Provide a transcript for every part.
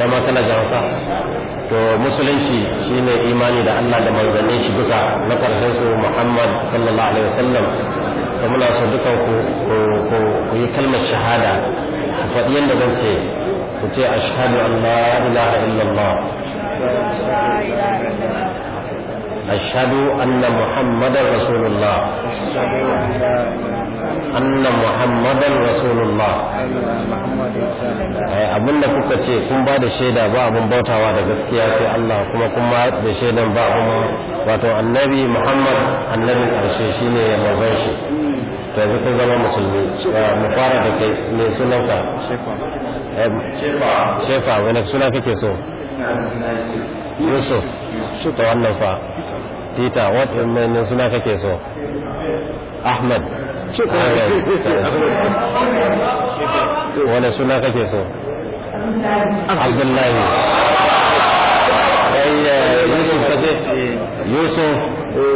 kai ma kana da to musulunci shine imani da Allah da manzannin shi duka na karshen su Muhammad sallallahu alaihi wasallam to muna so dukan ku ku yi kalmar shahada ku faɗi yadda zan ce ku ce ashhadu an la ilaha illallah ashhadu anna muhammadar rasulullah أن محمدا رسول الله abinda kuka ce kun ba da shaida ba abin bautawa da gaskiya sai Allah kuma kuma da shaidan ba kuma wato annabi Muhammad annabin karshe shine ya mazan shi to yanzu zama musulmi mu da kai me sunanka shefa shefa wani suna kake wannan fa peter what ne suna kake so ahmad ولا سنا كيسو عبد الله اي أيوة، يوسف فتح يوسف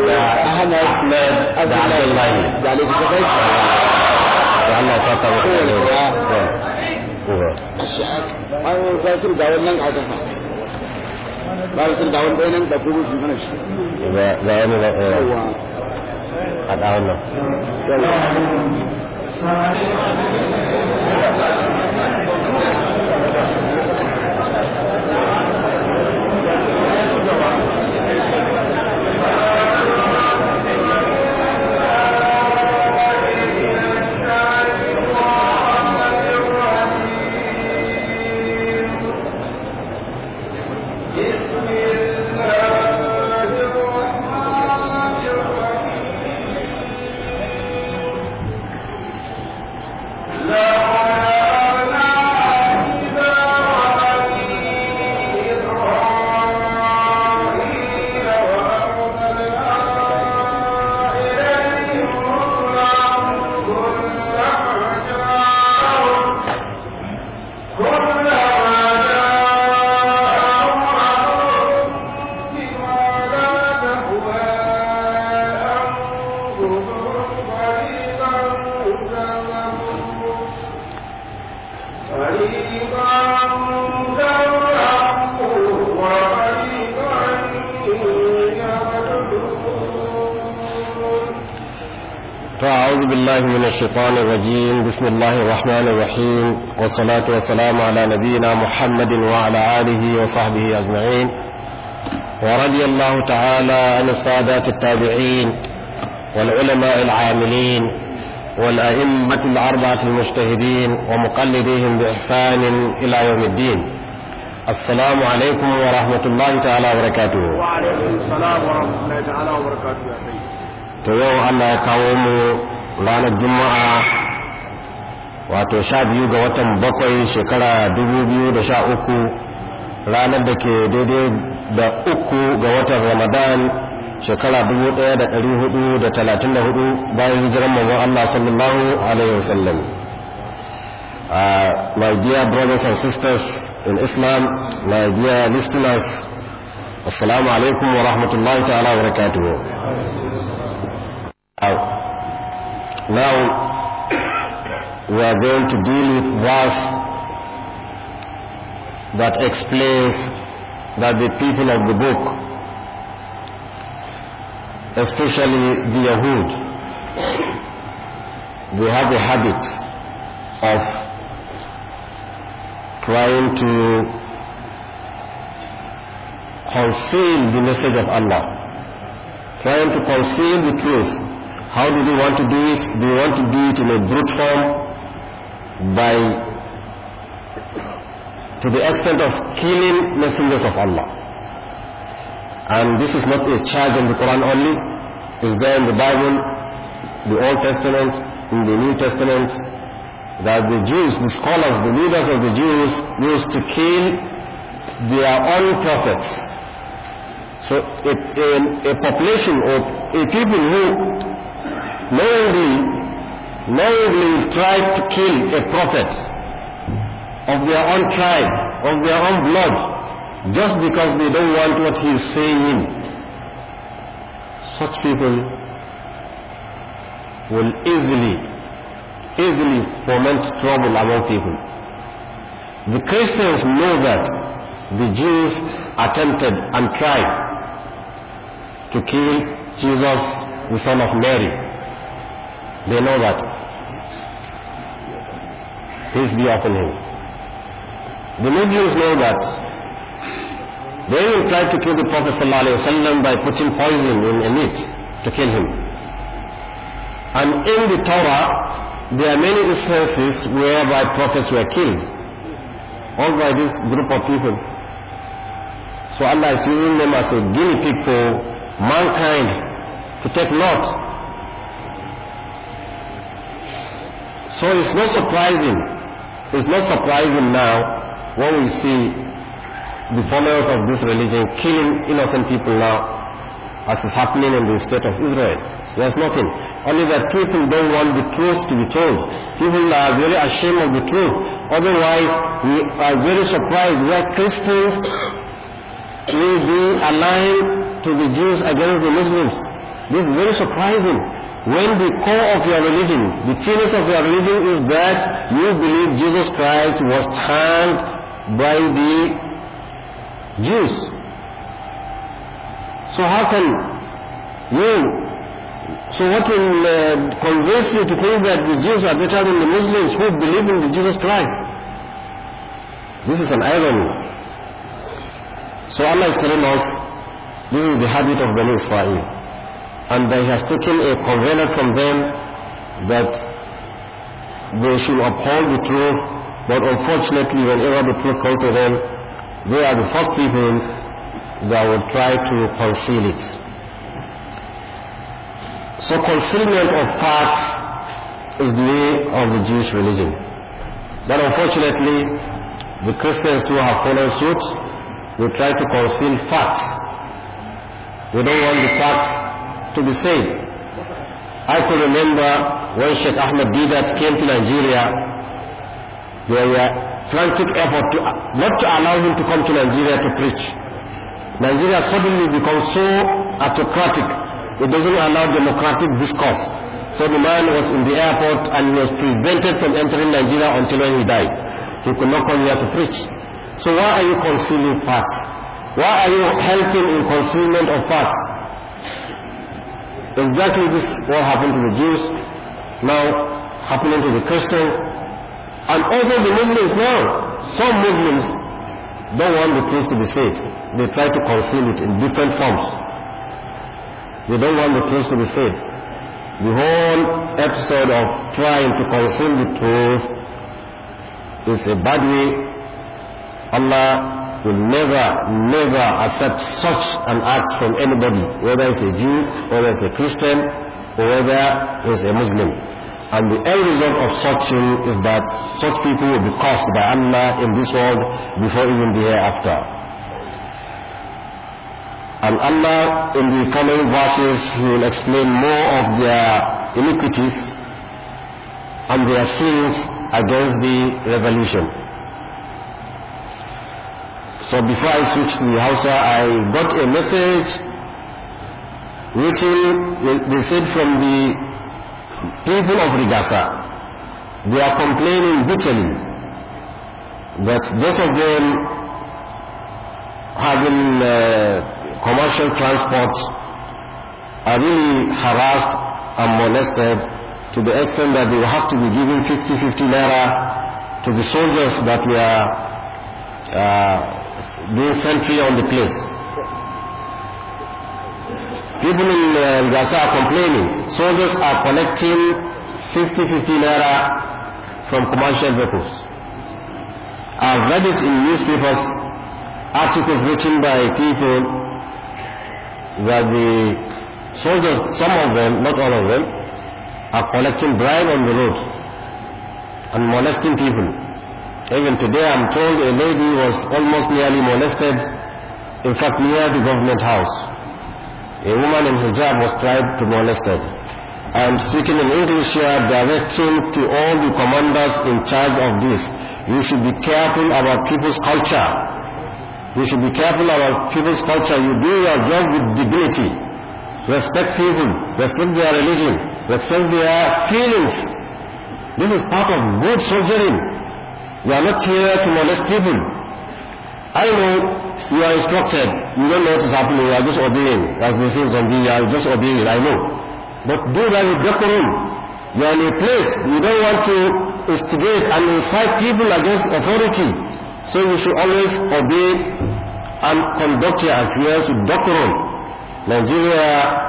يا اهلا اسماء عبد الله عليك كيفك وعلى سطر الشعب قالوا لازم داون نان عاوزها قالوا لازم داون بينان بابو haɗa wannan الشيطان الرجيم بسم الله الرحمن الرحيم والصلاة والسلام على نبينا محمد وعلى آله وصحبه أجمعين ورضي الله تعالى عن السادات التابعين والعلماء العاملين والأئمة الأربعة المجتهدين ومقلديهم بإحسان إلى يوم الدين السلام عليكم ورحمة الله تعالى وبركاته وعليكم السلام ورحمة الله تعالى وبركاته يا سيدي تو الله يقاومه ranar juma'a wato sha biyu ga watan bakwai shekara dubu biyu da sha uku ranar da ke daidai da uku ga watan ramadan shekara dubu ɗaya da dari hudu da talatin da hudu bayan hijiran mawa allah sallallahu alaihi wasallam ah, my dear brothers and sisters in islam my dear listeners assalamu alaikum wa rahmatullahi ta'ala wa barakatuhu Now, we are going to deal with verse that explains that the people of the book, especially the Yahud, they have a habit of trying to conceal the message of Allah, trying to conceal the truth How do they want to do it? They want to do it in a brute form by to the extent of killing messengers of Allah. And this is not a charge in the Quran only, it's there in the Bible, the Old Testament, in the New Testament, that the Jews, the scholars, the leaders of the Jews used to kill their own prophets. So a, a, a population or a people who knowingly, knowingly tried to kill a prophet of their own tribe, of their own blood, just because they don't want what he is saying. Such people will easily, easily foment trouble among people. The Christians know that the Jews attempted and tried to kill Jesus, the son of Mary. They know that. Peace be open. The Muslims know that. They will try to kill the Prophet ﷺ by putting poison in a meat to kill him. And in the Torah, there are many instances whereby prophets were killed. All by this group of people. So Allah is using them as a guinea pig for mankind to take note So it's not surprising, it's not surprising now when we see the followers of this religion killing innocent people now, as is happening in the state of Israel. There's nothing. Only that people don't want the truth to be told. People are very ashamed of the truth. Otherwise, we are very surprised why Christians will be aligned to the Jews against the Muslims. This is very surprising when the core of your religion, the tenets of your religion is that you believe Jesus Christ was hanged by the Jews. So how can you, so what will uh, convince you to think that the Jews are better than the Muslims who believe in the Jesus Christ? This is an irony. So Allah is telling us, this is the habit of Bani Israel and he has taken a covenant from them that they should uphold the truth, but unfortunately whenever the truth comes to them, they are the first people that will try to conceal it. So concealment of facts is the way of the Jewish religion. But unfortunately, the Christians who have fallen suit, they try to conceal facts. They don't want the facts to be said I could remember when Sheikh Ahmed Didat came to Nigeria, there were frantic effort to, not to allow him to come to Nigeria to preach. Nigeria suddenly become so autocratic, it doesn't allow democratic discourse. So the man was in the airport and he was prevented from entering Nigeria until when he died. He could not come here to preach. So why are you concealing facts? Why are you helping in concealment of facts? Exactly this what happened to the Jews, now happening to the Christians, and also the Muslims now. Some Muslims don't want the truth to be said. They try to conceal it in different forms. They don't want the truth to be said. The whole episode of trying to conceal the truth is a bad way Allah will never, never accept such an act from anybody, whether it's a Jew, whether it's a Christian, or whether it's a Muslim. And the end result of such thing is that such people will be cursed by Allah in this world before even the hereafter. And Allah, in the following verses, will explain more of their iniquities and their sins against the revolution. So before I switch to the Hausa, I got a message written, they said from the people of Rigasa. They are complaining bitterly that those of them having uh, commercial transport are really harassed and molested to the extent that they have to be given 50-50 naira to the soldiers that were uh, do sentry on the place. People in uh, Gaza are complaining. Soldiers are collecting 50-50 naira from commercial vehicles. I've read it in newspapers, articles written by people that the soldiers, some of them, not all of them, are collecting bribe on the road and molesting people. Even today I'm told a lady was almost nearly molested, in fact near the government house. A woman in hijab was tried to molested. I am speaking in English here, directing to all the commanders in charge of this. You should be careful about people's culture. You should be careful about people's culture. You do your job with dignity. Respect people. Respect their religion. Respect their feelings. This is part of good soldiering. You are not here to molest people. I know you are instructed. You don't know what is happening. You are just obeying. As they say, zombie, you are just obeying. I know. But do that with decorum. You are in a place. You don't want to instigate and incite people against authority. So you should always obey and conduct your affairs with decorum. Nigeria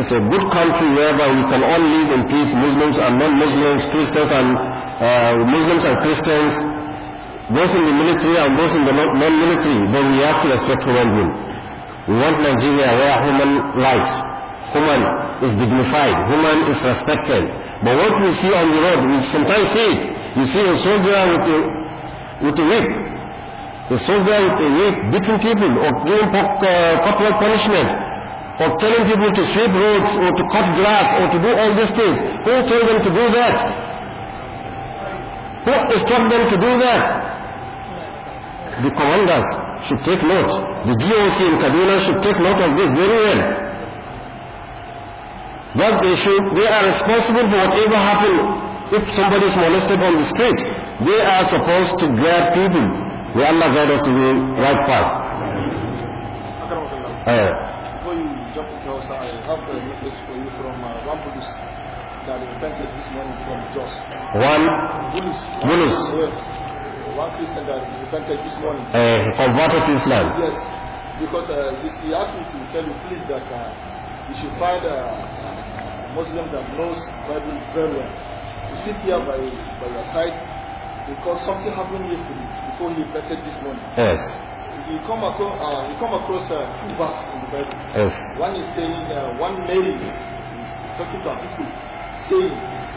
is a good country wherever we can all live in peace, Muslims and non-Muslims, Christians and uh, Muslims and Christians, both in the military and both in the non-military, then we have to respect human being. We want Nigeria where human rights, human is dignified, human is respected. But what we see on the road, we sometimes see it. You see a soldier with a, with a whip, a soldier with a whip beating people or giving uh, corporal punishment or telling people to sweep roads or to cut grass or to do all these things. Who told them to do that? What has them to do that? The commanders should take note. The GOC in Kaduna should take note of this very well. That they should, they are responsible for whatever happened. If somebody is molested on the street, they are supposed to grab people. May Allah guide us to the right path. Uh, Before you jump into Hausa, I have a message for you from uh, one police. that repented this morning from Jos. One Yunus. Yunus. Yes. One Christian that repented this morning. Uh, converted to Islam. Yes. Because uh, this, he asked me to tell you please that uh, you should find a uh, Muslim that knows Bible very well. To sit here by, by your side because something happened yesterday before he repented this morning. Yes. You come across, uh, you come across uh, two verses in the Bible. Yes. One is saying uh, one Mary is, is talking to a people saying,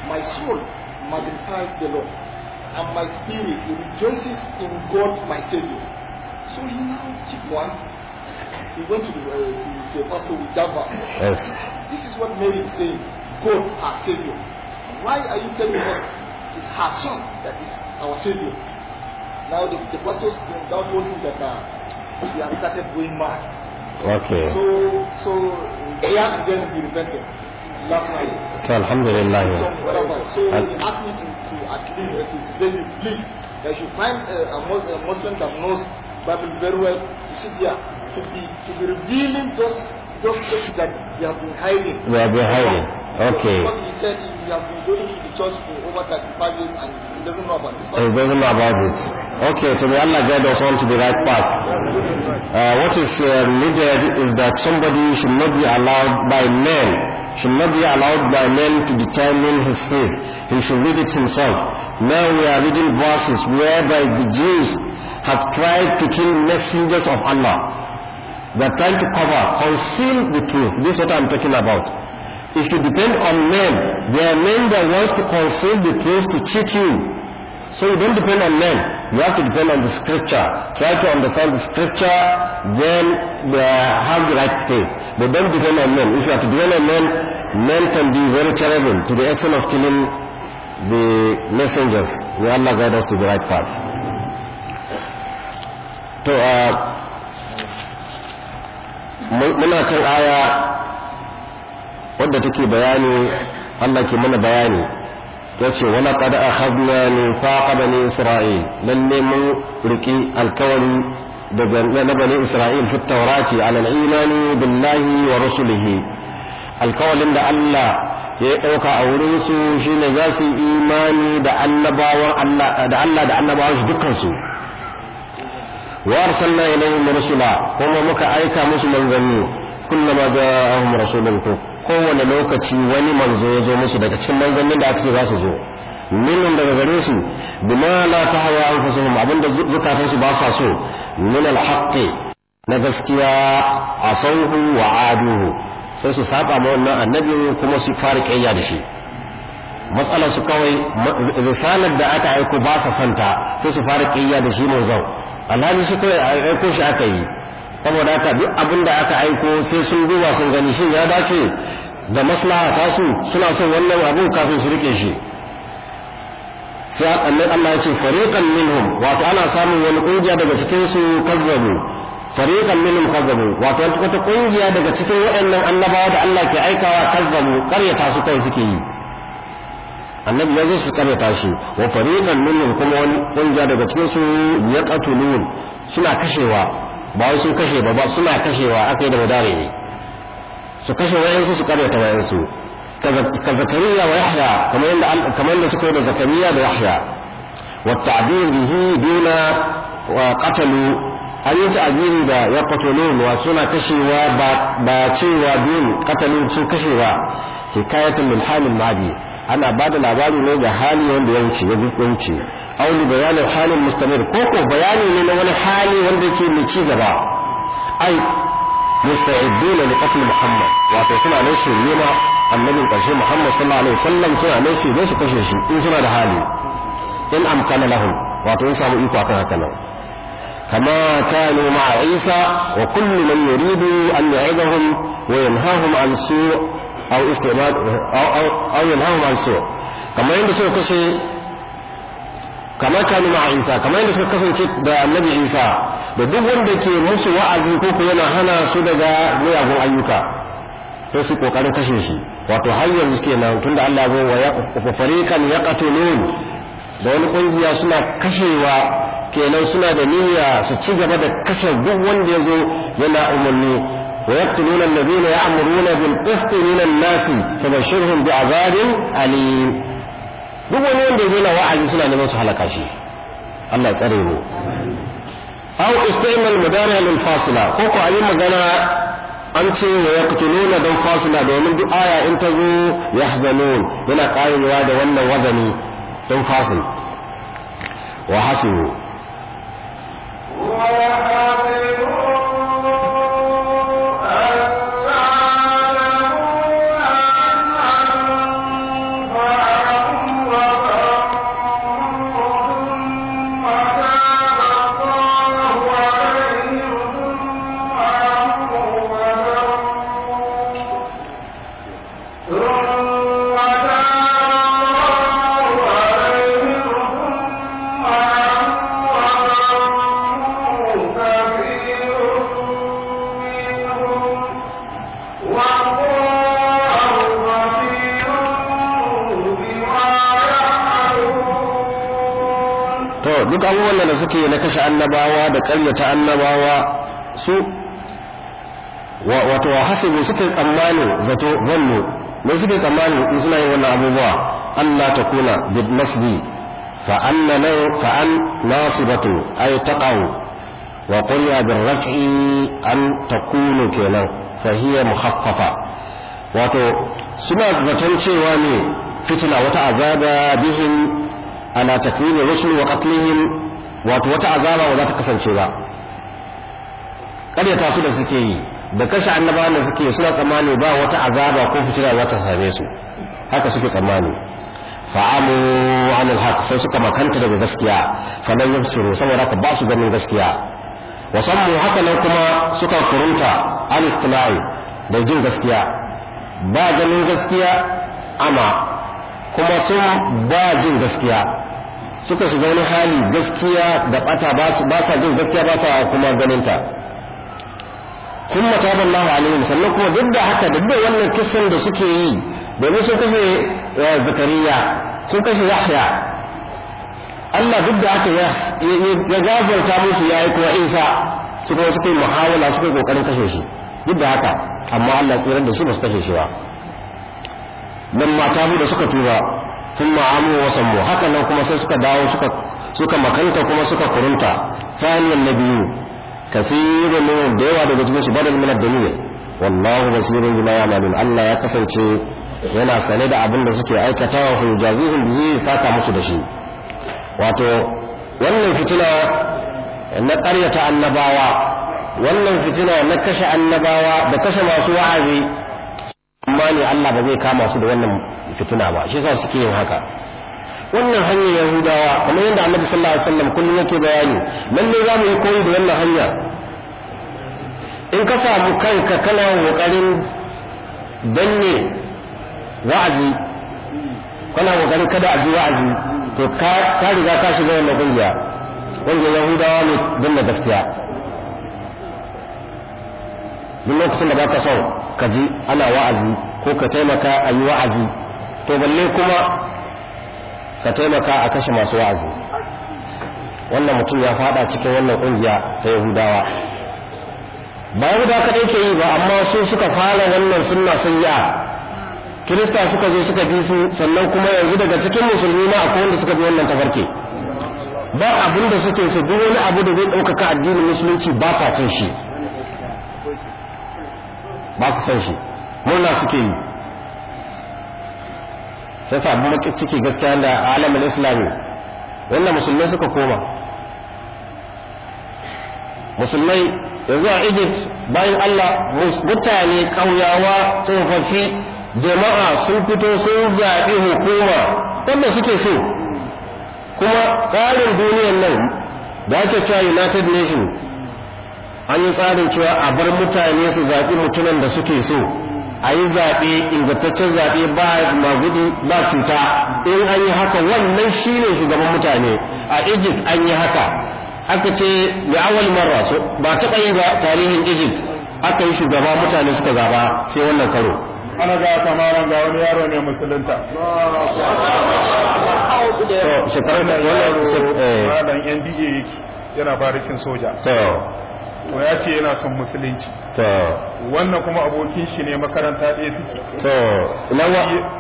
My soul magnifies the Lord, and my spirit rejoices in God my Savior. So he now took one. He went to the, uh, to the pastor with that verse. Yes. This is what Mary is saying God, our Savior. Why are you telling us it's her son that is our Savior? Now the, the pastors now told him that uh, they have started going mad. Okay. So, so they have to then be repentant. last night. Okay, alhamdulillah. Some So Al me to, to at least please, that you find a, Muslim, a Muslim that knows Bible very well to to be to be revealing those those things that they have been hiding. They have been hiding. Okay. Because he said he has been going to the church for over 35 years and It doesn't know about it. It doesn't know about it. Okay, so may Allah guide us on to the right path. Uh, what is uh, needed is that somebody should not be allowed by men, should not be allowed by men to determine his faith. He should read it himself. Now we are reading verses whereby the Jews have tried to kill messengers of Allah. They are trying to cover, conceal the truth. This is what I am talking about. If you depend on men, there are men that wants to conceal the truth to cheat you. So you don't depend on men. You have to depend on the scripture. Try to understand the scripture, then they uh, have the right faith. But don't depend on men. If you have to depend on men, men can be very terrible to the extent of killing the messengers. May Allah guide us to the right path. To, uh, muna wadda take bayani Allah ke mana bayani ya ce wani kada a haɗuwa ne faƙa bane isra'il lalle mun riƙi alkawari daga na isra'il fi taurati alal imani billahi wa rasulihi alkawarin da Allah ya ɗauka a wurinsu shi ne za su imani da Allah da annabawan su dukansu wa arsalna ilayhim rasula kuma muka aika musu manzanni kullama ja'ahum rasulun kowane lokaci wani manzo ya zo musu daga cikin manzannin da aka ce za su zo minhum daga gare su bima la tahwa anfusuhum abin zukatan su ba sa so min alhaqqi na gaskiya asauhu wa aduhu sai su saba ma wannan annabi kuma su fara kiyaya da shi matsalar su kawai risalar da aka aiko ba sa santa sai su fara kiyaya da shi manzo alhaji su kawai aiko shi aka yi saboda haka duk abin da aka aiko sai sun duba sun gani shin ya dace da maslaha ta su suna son wannan abu kafin su rike shi sai annabi Allah ya ce fariqan minhum wato ana samun wani kungiya daga cikin su kazzabu fariqan minhum kazzabu wato wata kungiya daga cikin waɗannan annabawa da Allah ke aikawa kazzabu karyata su kai suke yi annabi ya zo su karyata shi wa fariqan minhum kuma wani kungiya daga cikin su yaqatulun suna kashewa ba wai sun kashe ba ba suna kashewa aka yi da madare ne su kashe wayansu su karyata wayansu ka zakariya wa yahya kamar yadda kamar yadda suka yi da zakariya da yahya wa ta'bir bihi duna wa qatalu an yi ta'biri da ya qatalu wa suna kashewa ba ba cewa dun qatalu sun kashewa hikayatan min halin mabi ana ba da labari ne ga hali wanda ya wuce ya wuce auli bayanin halin mustamir ko ko bayani ne na wani hali wanda yake mai ci gaba ai musta'iduna li qatl muhammad wato suna nan su nema annabin karshe muhammad sallallahu alaihi wasallam suna nan ne su kashe shi in suna da hali in amkana lahum wato in samu iko akan haka nan كما كانوا مع عيسى وكل من يريد أن يعظهم وينهاهم an سوء aw istimal su kamar yadda suka isa kamar yadda suka kasance da annabi isa da duk wanda ke musu wa'azi ko ku yana hana su daga miyagun ayyuka sai su kokarin kashe shi wato har yanzu kenan da Allah ya zo wa fariqan yaqtulun da wani kungiya suna kashewa kenan suna da niyya su ci gaba da kashe duk wanda ya zo yana umarni ويقتلون الذين يأمرون بالقسط من الناس فبشرهم بعذاب أليم duk wani wanda ya wa'azi suna neman su halaka shi Allah tsare mu aw istimal mudari lil fasila ko ko ayi magana an ce wa yaqtuluna dan fasila domin duk aya in ta zo yahzanun yana karewa da wannan wazani dan fasil wa hasibu wa suke na kashe annabawa da karyata annabawa su wato hasibu suke tsammani zato zannu ne suke tsammani in suna yin wannan abubuwa An Allah ta kuna bid nasbi fa anna law fa an nasibatu ay taqau wa qul bil raf'i an takunu kenan fa hiya mukhaffafa wato suna zaton cewa ne fitina wata azaba bihim ala takrimi rusul wa qatlihim wato wata azaba ba za ta kasance ba karyata su da suke yi da kashe annaba da suke suna tsammani ba wata azaba ko fitina za ta same su haka suke tsammani fa'amu anil haq sai suka makanta daga gaskiya falan yabsuru saboda ka ba su ganin gaskiya wasan mu haka nan kuma suka kurunta al da jin gaskiya ba ganin gaskiya ama kuma sun ba jin gaskiya suka shiga wani hali gaskiya da bata ba sa jin gaskiya ba sa kuma ganin ta kuma taballahu alaihim sannan kuma duk da haka duk da wannan kisan da suke yi domin sun kashe eh, zakariya sun kashe yahya Allah duk da haka ya gafarta musu ya yi kuma isa su kuma suka yi muhawala suka yi kokarin kashe shi duk da haka amma Allah tsirar da su ba kashe shi ba dan mata da suka tuba sun ma'amu wa sammu haka nan kuma sai suka dawo suka suka makanta kuma suka kurunta fa'alin na biyu kasirin min da yawa daga cikin su badal min ad-dunya wallahu basirun na ya'malun Allah ya kasance yana sane da abin da suke aikatawa hu da zai saka musu da shi wato wannan fitina na ƙaryata annabawa wannan fitina na kashe annabawa da kashe masu wa'azi amma ne Allah ba zai kama su da wannan fitina ba shi yasa suke yin haka wannan hanyar yahudawa kamar yadda annabi sallallahu alaihi wasallam kullum yake bayani lalle za mu yi koyi da wannan hanya in ka samu kanka kana kokarin danne wa'azi kana kokarin kada a ji wa'azi to ka riga ka shiga wannan kungiya kungiyar yahudawa ne danna gaskiya duk lokacin da ba ka sau ka ji ana wa'azi ko ka taimaka a yi wa'azi to balle kuma ka taimaka a kashe masu wa'azi wannan mutum ya fada cikin wannan kungiya ta yahudawa ba yahuda kaɗai ke yi ba amma su suka fara wannan sunna sayya kirista suka zo suka bi su sannan kuma yanzu daga cikin musulmi ma akwai wanda suka bi wannan tafarki ba abin da suke su duk wani abu da zai ɗaukaka addinin musulunci ba sa son shi ba su son shi murna suke yi sai sa abin ciki gaskiya da alamin islami wannan musulmai suka koma musulmai yanzu a egypt bayan allah mutane ƙauyawa tsofaffi jama'a sun fito sun zaɓi hukuma wanda suke so kuma tsarin duniyar nan da ake cewa united nation an yi tsarin cewa a bar mutane su zaɓi mutumin da suke so a yi zaɓe ingantaccen zaɓe ba gudu ba cuta in an yi haka wannan shi ne shugaban mutane a egypt an yi haka aka ce da awal marra so ba taɓa yi ba tarihin egypt aka yi shugaba mutane suka zaɓa sai wannan karo ana ga kamaran ga wani yaro ne musulunta shekarar da wannan eh. yake yana barikin soja to ya ce yana son musulunci to wannan kuma abokin shi ne makaranta ɗaya suke to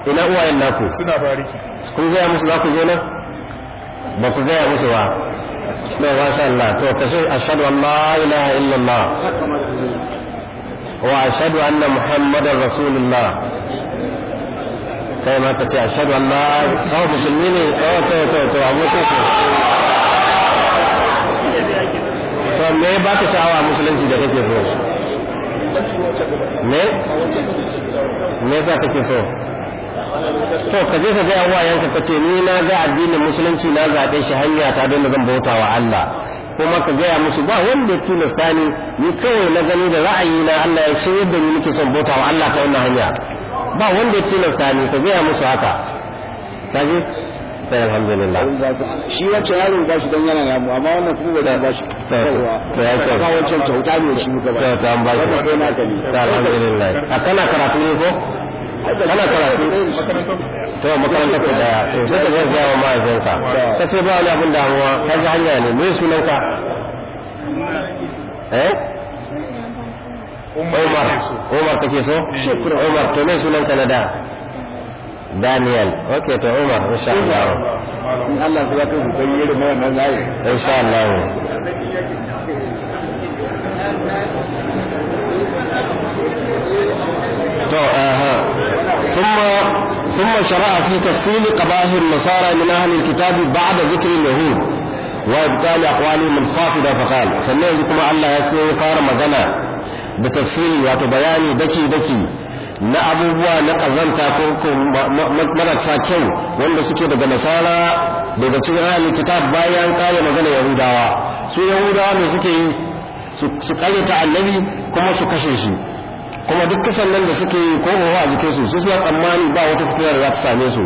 ina uwayen naku suna bariki kun zaya musu za ku ba ku musu ba ma sha Allah to ka sai ashhadu an la ilaha illallah wa ashhadu anna muhammadar rasulullah kai ma ka ce ashhadu an la musulmi ne oh, to to to abokin su cewa me ya baka sha'awa musulunci da kake so me me ka ke so to ka je ka ga uwayenka ka ce ni na ga addinin musulunci na zaɓe shi hanya ta don zan bauta wa Allah kuma ka gaya musu ba wanda ya tilasta ni ni kawai na gani da ra'ayi na Allah ya shi yadda ni nake son bauta wa Allah ta wannan hanya ba wanda ya tilasta ni ka gaya musu haka kaje sai alhamdulillah shi wacce yaro ba shi dan yana namu amma wannan kuma ba ba shi to ya ce ba wancan kyauta ne shi muka ba sai an ba shi alhamdulillah karatu ne ko kana karatu to makaranta ko daya to sai ka zai ka ce ba wani abin damuwa ka ji hanya ne me sunanka eh Umar Umar kake so? Umar to me sunanka na da? دانيال اوكي تو عمر ان شاء الله ان الله ان شاء الله تو آه. ثم ثم شرع في تفصيل قبائل النصارى من اهل الكتاب بعد ذكر اليهود وابطال اقوالهم الفاسده فقال sannan yanzu kuma Allah ya بتفصيل fara magana دكي na abubuwa na ƙazanta ko marasa kyau wanda suke daga nasara daga cikin ahalin kitab bayan kare magana yahudawa su yahudawa ne suke yi su ta annabi kuma su kashe shi kuma duk kasan nan da suke yi ko a jikinsu su suna tsammani ba wata fitina da za ta same su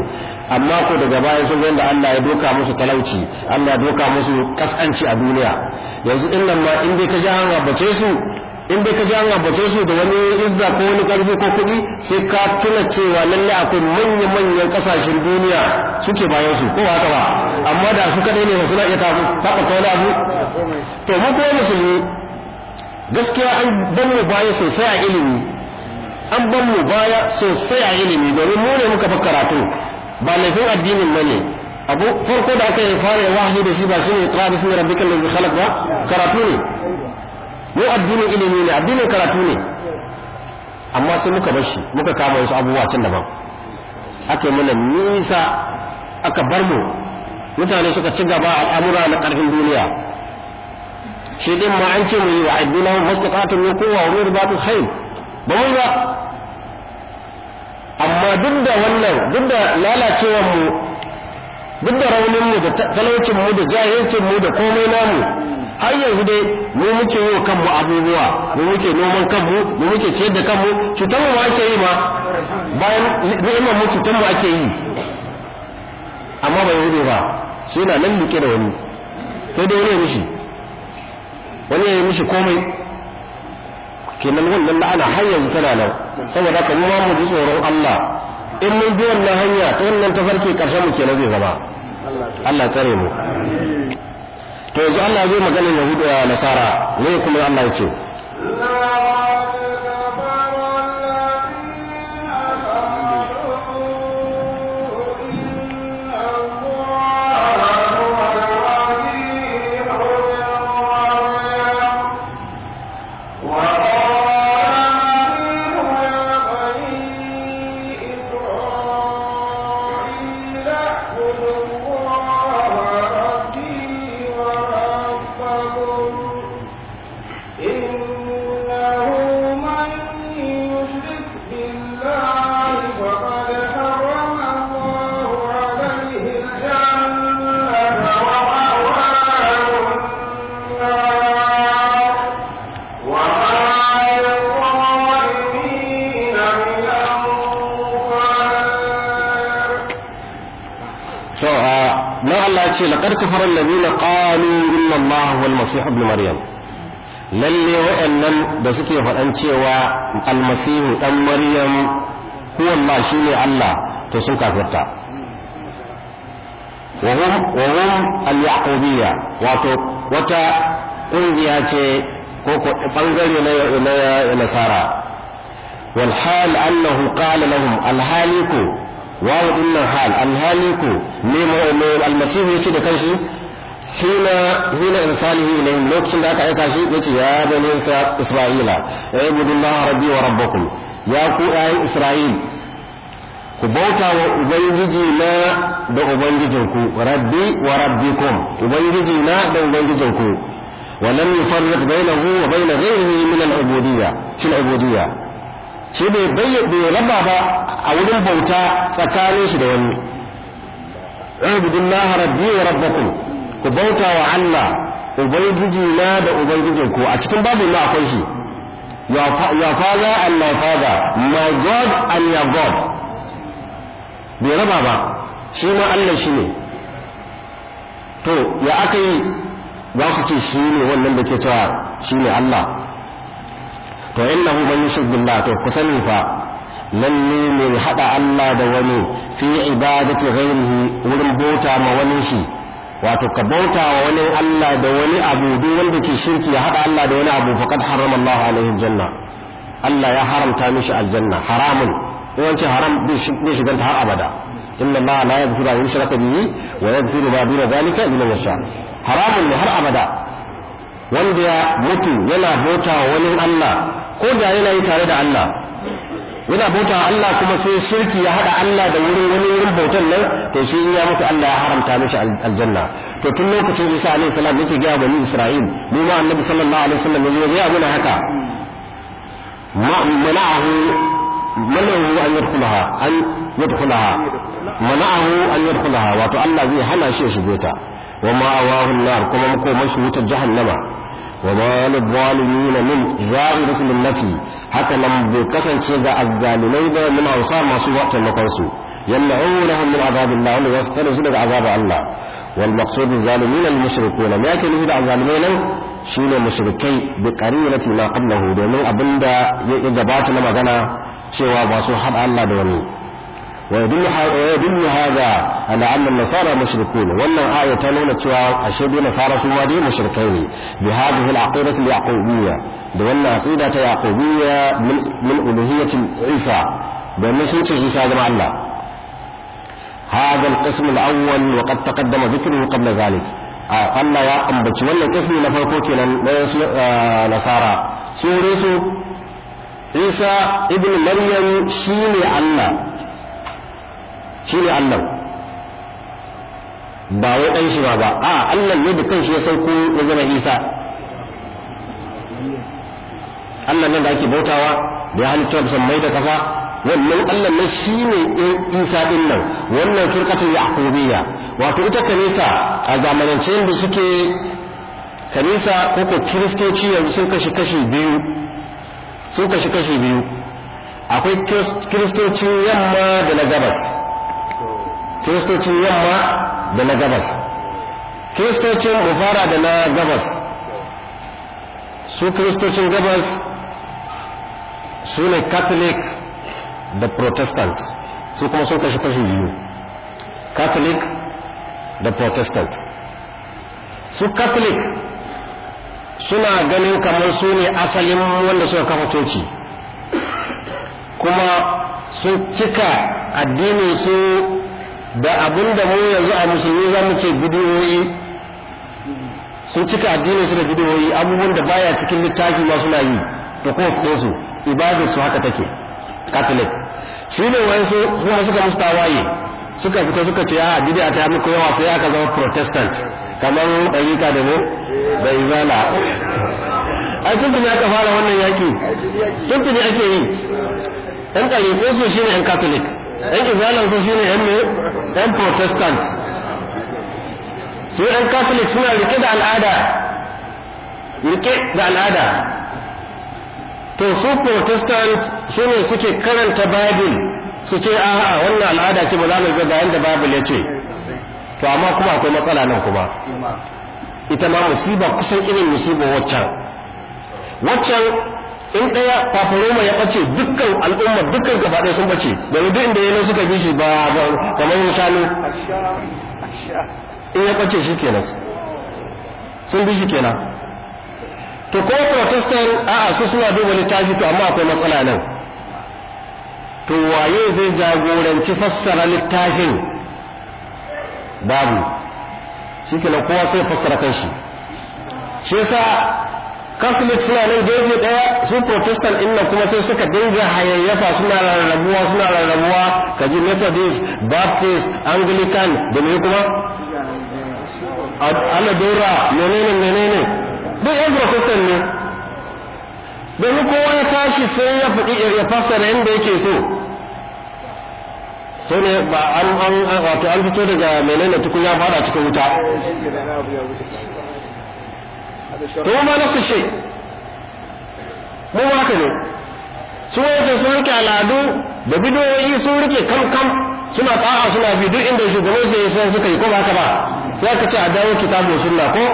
amma ko daga baya sun yadda Allah ya doka musu talauci Allah ya doka musu kaskanci a duniya yanzu in nan ma in dai ka ji an bace su in dai ka ji an ambace su da wani izza ko wani karfi ko kuɗi sai ka tuna cewa lalle akwai manya-manyan ƙasashen duniya suke bayan su ko haka ba amma da su kaɗai ne suna iya taɓa kawai abu to mu kuma musulmi gaskiya an ban mu baya sosai a ilimi an ban mu baya sosai a ilimi domin mu ne muka fi karatu ba laifin addinin ba ne abu farko da aka yi fara wahayi da shi ba shi ne ƙarar sun rabbi kan da khalaq ba karatu ne mu addinin ilimi ne addinin karatu ne amma sai muka bashi, muka kama wasu abubuwa can daban aka yi mana nisa aka bar mu mutane suka ci gaba al'amura na karfin duniya shi din ma an ce mu yi wa addina mustaqatun ne quwwa wa ribatu khayr ba mu ba amma duk da wannan duk da lalacewar mu duk da raunin mu da talaucin mu da jahilcin mu da komai namu har yanzu dai mu muke yi wa kanmu abubuwa mu muke noman kanmu mu muke ciyar da kanmu cutar mu ake yi ma bayan ni'imar mu cutar mu ake yi amma bai hudu ba shi na nan duke da wani sai dai wani ya mishi wani ya yi mishi komai kenan wannan la'ana har yanzu tana nan saboda haka mu ma mu ji tsoron Allah in mun bi wannan hanya ta wannan tafarki karshen mu kenan zai zama Allah tsare mu to yanzu Allah zai magana Yahudu da Nasara ne kuma Allah ya ce كفر الذين قالوا إن الله هو المسيح ابن مريم lalle wa'annan da suke faɗan cewa almasihu ɗan maryam huwa shi ne Allah to sun kafirta wa al-yaqubiyya wato wata kungiya ce ko ko bangare na na nasara wal hal annahu qala lahum al haliku wawu din nan hal alhaliku ne mai almasihu yace da kanshi hina hina insalihi ilayhim lokacin da aka aika shi yace ya bani isra'ila ya ibudullah rabbi wa rabbakum ya ku ayi isra'il ku bauta wa ubangiji na da ubangijin ku. rabbi wa rabbikum ubangiji na da ubangijin ku. ubangijinku ولم يفرق بينه وبين غيره من العبودية في العبودية shi bai bayyana raba ba a wurin bauta tsakanin shi da wani ubudullah rabbi wa rabbakum ku bauta wa Allah ubangiji na da ubangijin ku a cikin babu na akwai shi ya father and my my god and your god bai raba ba shi ma Allah shi ne to ya aka yi za su ce shi ne wannan da ke cewa shi ne Allah to innahu man yushrik billah to ku sani fa lalle mai hada Allah da wani fi ibadati ghairihi wurin bauta ma wani shi wato ka bauta wa wani Allah da wani abu duk wanda ke shirki ya hada Allah da wani abu faqad harrama Allah alaihi janna Allah ya haramta mishi aljanna haramun wancan haram bai shiganta har abada inna Allah la yaghfiru an yushraka bihi wa yaghfiru ma duna zalika liman yasha haramun ne har abada wanda ya mutu yana bauta wa wani Allah ko da yana yi tare da Allah yana bauta wa Allah kuma sai shirki ya haɗa Allah da wurin wani wurin bautan nan to shi in ya mutu Allah ya haramta mishi aljanna to tun lokacin Isa alaihi salam yake ga bani Isra'il mu ma annabi sallallahu alaihi wasallam ya ga muna haka mana'ahu mana'ahu an yadkhulaha an yadkhulaha mana'ahu an yadkhulaha wato Allah zai hana shi ya shige ta wa ma'awahu nar kuma makomashi wutar jahannama wa ma lil min za'idatun lil nafi haka nan bai kasance ga azzalimai da mun hausa masu taimakon su yamna'unahum min azabillah wanda zasu tare su daga azabar Allah wal maqsud zalimin al mushrikuna me yake nufi da azzalimai nan shine mushrikai bi qarinati ma qablahu domin abinda ya gabata na magana cewa ba su hada Allah da wani ويدل ويدل هذا على ان النصارى مشركون وان ايه تنون تشوا اشد النصارى في وادي مشركين بهذه العقيده اليعقوبيه لان عقيده يعقوبيه من من الوهيه عيسى بان شنتش عيسى مع الله هذا القسم الاول وقد تقدم ذكره قبل ذلك آه، ان يا قمبت ولا قسم نفوكو آه، نصارى سوريسو عيسى ابن مريم شيني الله shi ne Allah ba wai ɗan shi ba ba a Allah ne da kanshi ya sauko ya zama Isa Allah nan da ake bautawa da ya halitta sammai da kasa wannan Allah ne shi ne Isa ɗin nan wannan ya yaqubiyya wato ita kanisa a zamanance da suke kanisa ko ko kiristoci yanzu sun kashi kashi biyu sun kashi kashi biyu akwai kiristocin yamma da na gabas kiristocin yamma da na gabas kiristocin bufara da na gabas su kiristocin gabas su ne catholic da protestant su kuma sun kashi kashi biyu catholic da protestant su catholic suna ganin kamar su ne asalin wanda suka kafa coci kuma sun cika addini su da abin da mu yanzu a musulmi za mu ce bidiyoyi sun cika addinin su da bidiyoyi abubuwan da baya cikin littafi ma suna yi da kuma su ɗinsu ibadar su haka take catholic shi ne su kuma suka musu tawaye suka fita suka ce a bid'a ta muku yawa sai aka zama protestant kamar ɗarika da ne da izala a tuni aka fara wannan yaki tuni ake yi ɗan ɗari ko su ne ɗan catholic yan izalan su shine yan ne yan protestant su yan catholic suna rike da al'ada rike da al'ada to su protestant su ne suke karanta bible su ce a'a wannan al'ada ce ba za mu ga da yadda bible ya ce to amma kuma akwai matsala nan kuma ita ma musiba kusan irin musiba waccan waccan in ɗaya fafaroma ya ɓace dukkan al'umma dukkan gaba ɗaya sun ɓace da duk inda yana suka bi shi ba kamar yin shanu in ya ɓace shi kenan sun bi shi kenan to ko protestant a'a su suna duba littafi to amma akwai matsala nan to waye zai jagoranci fassara littafin babu shi kenan kowa sai fassara kanshi shi yasa catholic suna nan gefe ɗaya su protestant ɗin nan kuma sai suka dinga hayayyafa suna rarrabuwa suna rarrabuwa ka ji methodist baptist anglican da me kuma aladora menene menene duk yan protestant ne domin kowa ya tashi sai ya faɗi ya fassara inda yake so so ne ba an an fito daga menene tukun ya fara cikin wuta to ma nasu ce mu ba haka ne su wajen sun rike al'adu da bidoyoyi sun rike kam suna ta'a suna bi duk inda shugaban sai sai suka yi ko ba haka ba sai ka ce a dawo kitabu sunna ko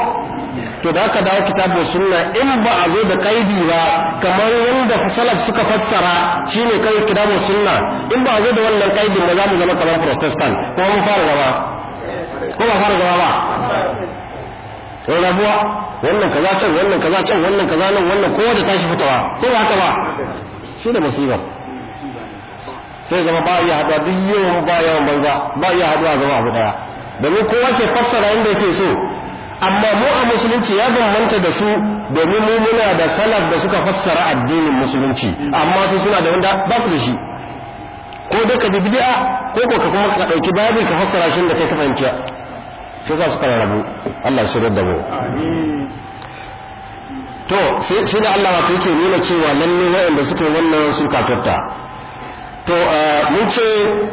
to da aka dawo kitabu sunna in ba a zo da kaidi ba kamar yadda fasalaf suka fassara shine kai kitabu sunna in ba a zo da wannan kaidin ba za mu zama kamar protestant ko mun fara gaba ko ba fara gaba ba rabuwa wannan kaza can wannan kaza can wannan kaza nan wannan kowa da tashi fitawa ko ba haka ba shi da musiba sai zama ba iya haɗuwa duk yawan ba yawan banza ba iya haɗuwa zama abu ɗaya domin kowa ke fassara inda yake so amma mu a musulunci ya bambanta da su domin mu muna da salaf da suka fassara addinin musulunci amma su suna da wanda ba su da shi ko dai ka bid'a ko ko ka kuma ka ɗauki babu ka fassara shi da kai ka fahimci shi za su rabu Allah shirin da mu to sai da Allah wato yake nuna cewa lalle waɗanda suka yi wannan su katotta to eh, mun ce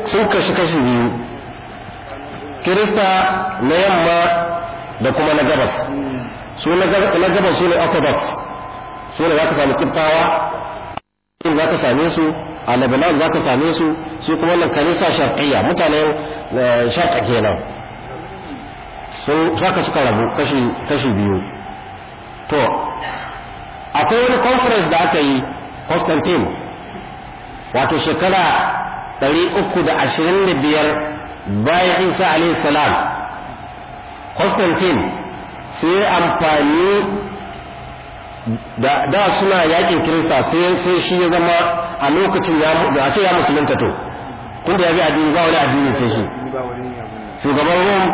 sun kashi kashi biyu kirista na yamma da kuma na gabas su na gabas su ne orthodox su ne za ka sami kiftawa za ka same su a lebanon za ka same su su kuma wannan kanisa shafiya mutanen eh, shar'a kenan sun saka suka rabu kashi biyu to akwai wani conference da aka yi Constantine wato shekara 325 bayan Isa alayhi salam Constantine sai amfani da da suna yakin Kirista sai sai shi ya zama a lokacin da a ce ya musulunta to tunda ya bi addini ba wani addini sai shi shugaban Rome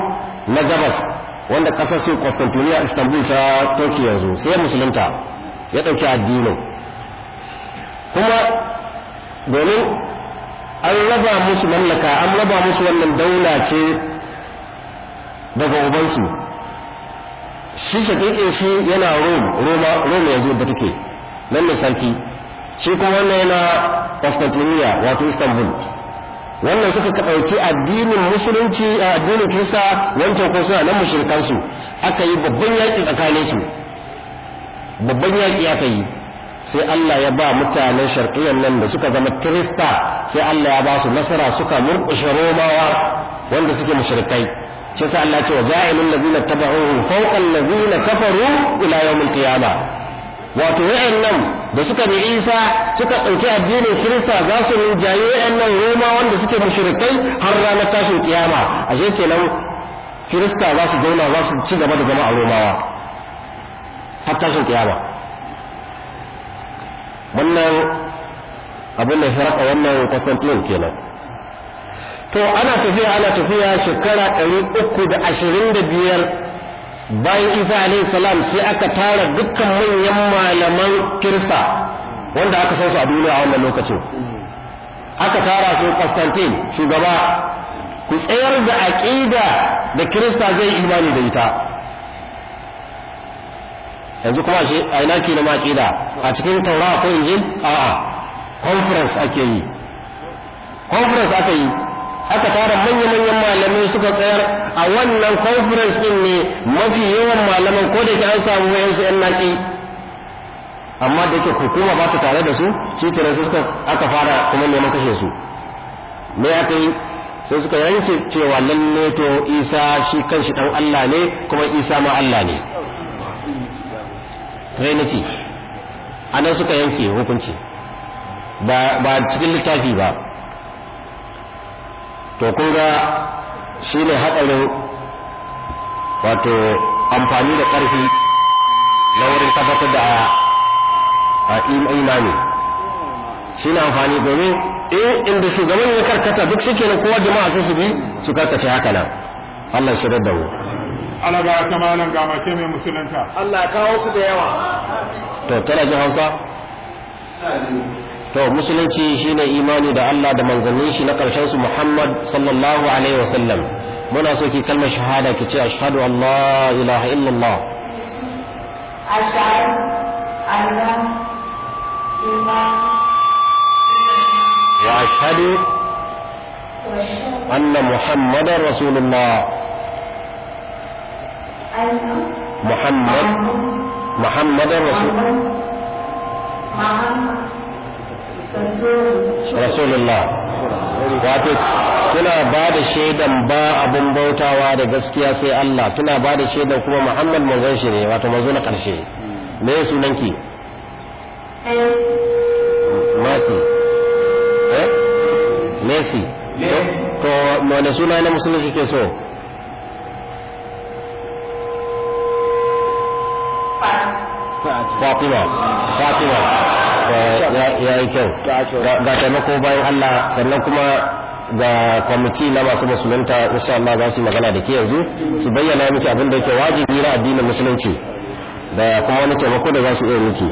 na gabas wanda kasar su Constantinople Istanbul ta Turkey yanzu sai musulunta ya dauki addinin kuma domin an raba musu mallaka an raba musu wannan daula ce daga ubansu shi shaƙiƙin shi yana Rome Roma Rome yanzu da take nan ne sarki shi kuma wannan yana Constantinople wato Istanbul wannan suka ka ɗauki addinin musulunci a addinin kirista wancan ko suna nan mushrikansu aka yi babban yaƙi tsakanin su babban yaƙi aka yi sai Allah ya ba mutanen sharqiyyar nan da suka zama kirista sai Allah ya ba su nasara suka murƙushe romawa wanda suke mushrikai shi Allah ya ce wa ja'ilul ladina tabauhu fawqa kafaru ila yawmil qiyamah wato nan da suka bi Isa suka ɗauki addinin Kirista za su rinjayi nan Roma wanda suke mushrikai har ranar tashin kiyama a ke kenan Kirista za su zauna za su ci gaba da zama a Romawa har tashin kiyama wannan abin da ya raka wannan Constantine kenan to ana tafiya ana tafiya shekara ɗari uku da ashirin da biyar bayan isa alaihi salam sai aka tara dukkan manyan malaman kirista wanda aka san su a duniya a wannan lokacin aka tara su Constantine shugaba ku tsayar da aqida da kirista zai imani da ita yanzu kuma shi a ina ke ma aqida a cikin taurawa ko injil a'a conference ake yi conference aka yi aka tara manya-manyan malamai suka tsayar a wannan conference din ne mafi yawan malaman ko da ke an samu wayansu 'yan naki amma da yake hukuma ba ta tare da su shi kenan suka aka fara kuma neman kashe su me aka yi sai suka yanke cewa lalle to isa shi kanshi dan Allah ne kuma isa ma Allah ne trinity ana suka yanke hukunci ba cikin littafi ba to kun ga shi ne haɗarin wato amfani da ƙarfi na wurin tabbatar da a imani shi ne amfani domin eh inda shugaban ya karkata duk suke na kowa jama'a su su bi su karkace haka nan Allah shi da mu Allah ga kamalan ga mace mai musulunta Allah kawo su da yawa to tana ji Hausa to musulunci shine imani da Allah da manzannin shi na karshen su Muhammad sallallahu alaihi wasallam muna so ki kalmar shahada ki ce ashhadu an la ilaha illallah ashhadu an la wa ashhadu anna muhammadar rasulullah muhammad muhammadar rasul rasulullah wato kina ba da shaidan ba abin bautawa da gaskiya sai Allah kina ba da shaidan kuma Muhammad manzon shi ne wato manzo na karshe me ya sunan ki Messi eh Messi to wani suna na musulunci ke so Fatima Fatima ya yi kyau ga taimako bayan Allah sannan kuma ga kwamiti na masu musulunta insha Allah za su magana da ke yanzu su bayyana miki abin da yake wajibi na addinin musulunci da kuma wani taimako da za su iya miki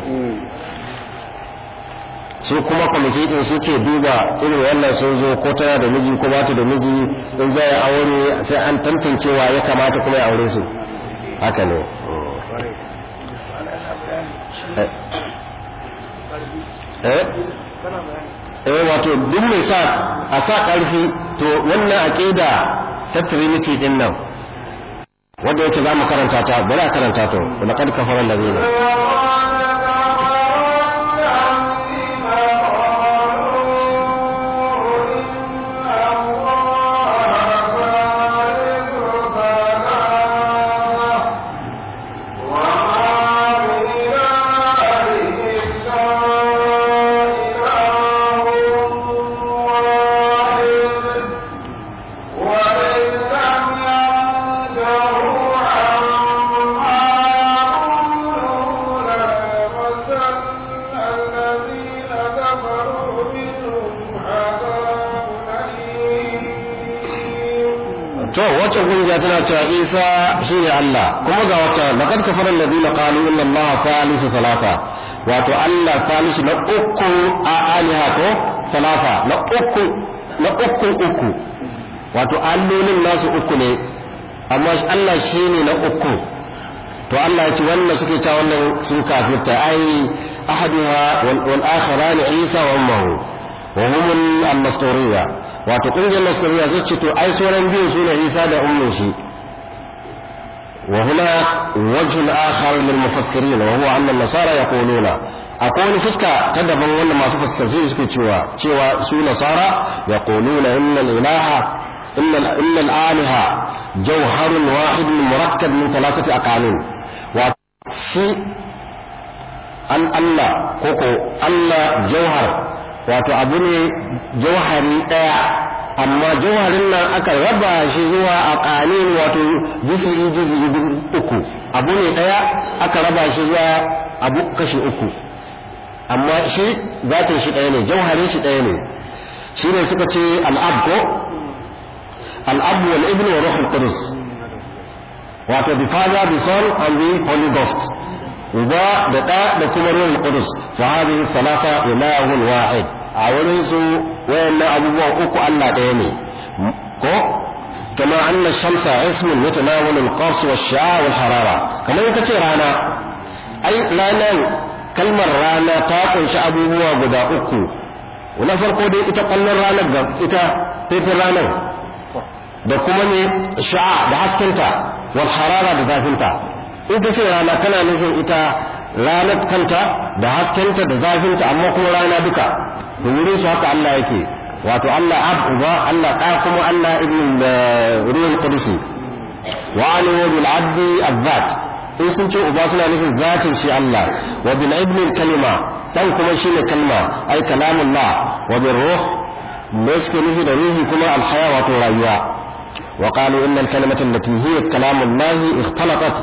su kuma kwamiti din suke duba irin wannan sun zo ko tana da miji ko ba da miji in za ya aure sai an tantancewa ya kamata kuma ya aure su haka ne eh. eh eh wato duk mai sa a sa karfi to wannan aqida ta trinity din nan wanda yake zamu karanta ta bari a karanta to laqad kafara allazina wacce kungiya tana cewa Isa shine Allah kuma ga wata laqad kafara alladhina qalu inna Allah thalithu thalatha wato Allah thalithu na uku a aliha ko thalatha na uku na uku uku wato allolin nasu uku ne amma Allah shine na uku to Allah ya ce wannan suke ta wannan sun kafirta ai ahaduha wal akhirani Isa wa ummuhu wa hum al-masturiyah wato ƙungiyar nasariya zai ce to ai sauran biyun su ne isa da ummin shi wa huna wajhul akhar lil mufassirin wa huwa anna nasara yaquluna akwai wani fuska ta daban wanda masu fassarci suke cewa cewa su nasara yaquluna innal ilaha innal aliha jawharun wahidun murakkab min thalathati aqalin wa si an Allah koko Allah jauhar. wato abu ne jauhari ɗaya amma jauharin nan aka raba shi zuwa a ƙanin wato jufi'i jufi'i uku abu ne ɗaya aka raba shi zuwa abu kashi uku amma shi zata shi ɗaya ne jauharin shi ɗaya ne shi ne suka ce al'ab ko al'ab wal ibn wa ruhul qudus wato the father the son and the holy ghost uba da ɗa da kuma ruhul qudus fa hadhihi salata ilahun wahid a wurin su wayannan abubuwan uku Allah ɗaya ne ko kama anna shamsa ismun yatanawalu al-qars wa shaa wa harara kamar yadda ce rana ai ranan kalmar rana ta kunshi abubuwa guda uku na farko dai ita kallon ranar ga ita faifin ranar da kuma ne sha'a da haskenta wal harara da zafinta in ka ce rana kana nufin ita ranar kanta da haskenta da zafinta amma kuma rana duka to wurin su haka Allah yake wato Allah ab uba Allah ɗa kuma Allah ibn ruhul qudus wa alu bil abdi azzat in sun ce uba suna nufin zatin shi Allah wa bil ibn kalima dan kuma shine kalma ai kalamullah wa bil ruh me suke nufi da ruhi kuma alhaya wato rayuwa وقالوا إن الكلمة التي هي كلام الله اختلطت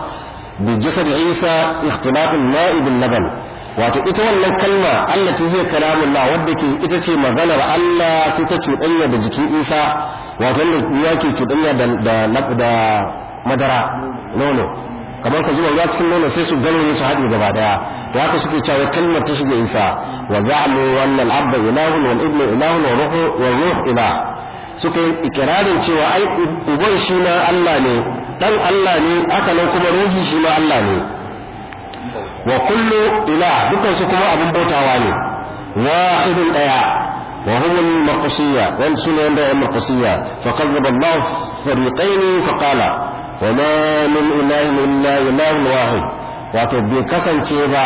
بجسد عيسى اختلاط الماء باللبن wato ita wannan kalma Allah ta yi kalamun la wadda ke ita ce maganar Allah Su ta cuɗanya da jikin Isa wato wanda ya ke cuɗanya da madara nono kamar ka zuba ya cikin nono sai su gano su haɗe gaba daya to haka suke cewa kalmar ta shiga Isa wa za'amu wannan abba ilahun wal ibnu ilahun wa ruhu wa ruh ila suka yi ikirarin cewa ai uban shi na Allah ne dan Allah ne aka nan kuma ruhi shi na Allah ne wa kullu ilah dukkan kuma abin bautawa ne wahidun daya wa huwa al-maqsiyya wal sunan da al-maqsiyya fa kadhaba Allah fariqain fa qala wa ma min ilahin illa ilahun wahid wato bai kasance ba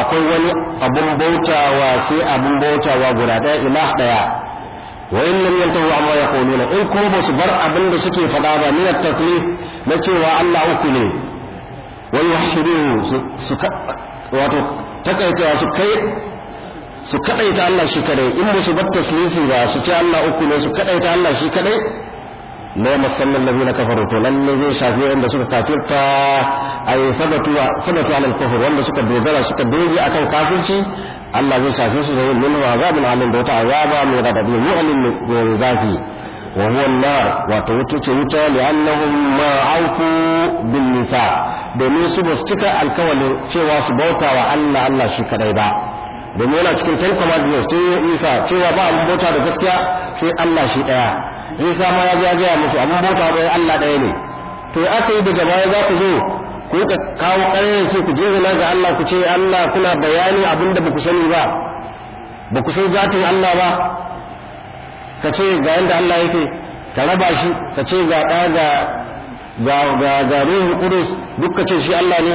akwai wani abin bautawa sai abin bautawa guda daya ilah daya wa in lam yantahu amma yaquluna in kuma ba su bar abin da suke faɗa ba min at-taklif na cewa Allah uku ne wai yahshuruhu su wato takaitawa su kai su kadaita Allah shi kadai in ba su bar taslisi ba su ce Allah uku ne su kadaita Allah shi kadai la yamassanna alladhina kafaru to lalle zai shafi wanda suka kafirta ay sabatu sabatu ala al-kufr wanda suka dogara suka doge akan kafirci Allah zai shafi su da yin minhu azabun alim da wata azaba mai radadi mu'min mai zafi wa lawar nar wato wuta ce wuta li'annahum ma aufu bin nisa domin su basu cika alkawalin cewa su bauta wa Allah Allah shi kadai ba domin yana cikin ten commandments sai Isa cewa ba abin bauta da gaskiya sai Allah shi daya Isa ma ya ga musu abin bauta ba Allah daya ne to aka yi daga baya za ku zo ku ka kawo ƙarya ce ku jingina ga Allah ku ce Allah kuna bayani abin da ba ku sani ba ba ku san zatin Allah ba ka ce ga yadda Allah yake ka raba shi ka ce ga ɗa ga ga ga ruhul duk ka ce shi Allah ne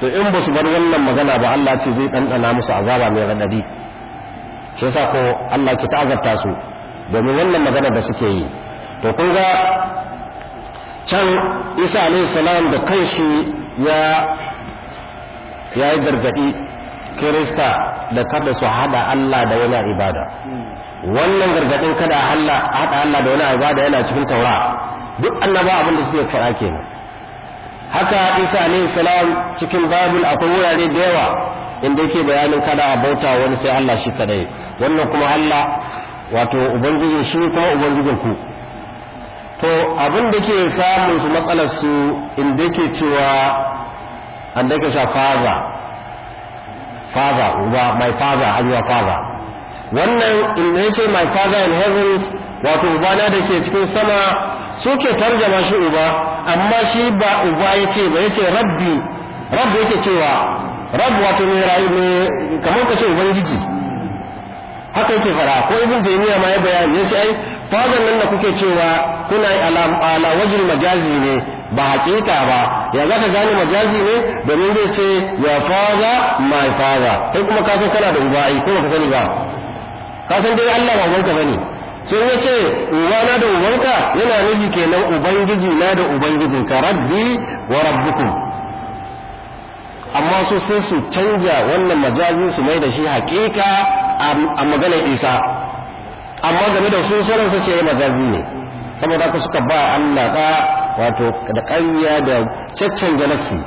to in ba su bar wannan magana ba Allah ce zai ɗanɗana musu azaba mai raɗaɗi shi yasa ko Allah ki ta'azabta su domin wannan magana da suke yi to kun ga can Isa alaihi salam da kanshi ya ya yi gargaɗi kirista da kada su haɗa Allah da yana ibada wannan gargadin kada a haɗa Allah da wani ibada yana cikin taura duk annaba abin da suke faɗa kenan haka Isa ne salam cikin babul akwai wurare da yawa inda yake bayanin kada a bauta wani sai Allah shi kadai wannan kuma Allah wato ubangijin shi kuma ubangijin ku to abin da ke samun su matsalar su inda yake cewa an sha father father uba my father har father wannan in ya ce my father in heavens wato ubana da ke cikin sama suke tarjama shi uba amma shi ba uba ya ce ba ya ce rabbi rabbi yake cewa rabbi wato mai rayu ne kamar ka ce ubangiji haka yake fara ko ibn jami'a ma ya bayani ya ce ai fadan nan da kuke cewa kuna ala wajin majazi ne ba haƙiƙa ba ya za ka gane majazi ne domin zai ce ya father my father kai kuma ka kana da uba ai ko ba ka sani ba ka dai Allah ba ubanka bane sai ya ce ubana da ubanka yana nufi kenan ubangiji na da ubangijin ka rabbi wa rabbukum amma su sai su canja wannan majazi su mai da shi hakika a maganar isa amma game da su sauran su ce majazi ne saboda haka suka ba Allah ka wato da ƙarya da caccanja nafsi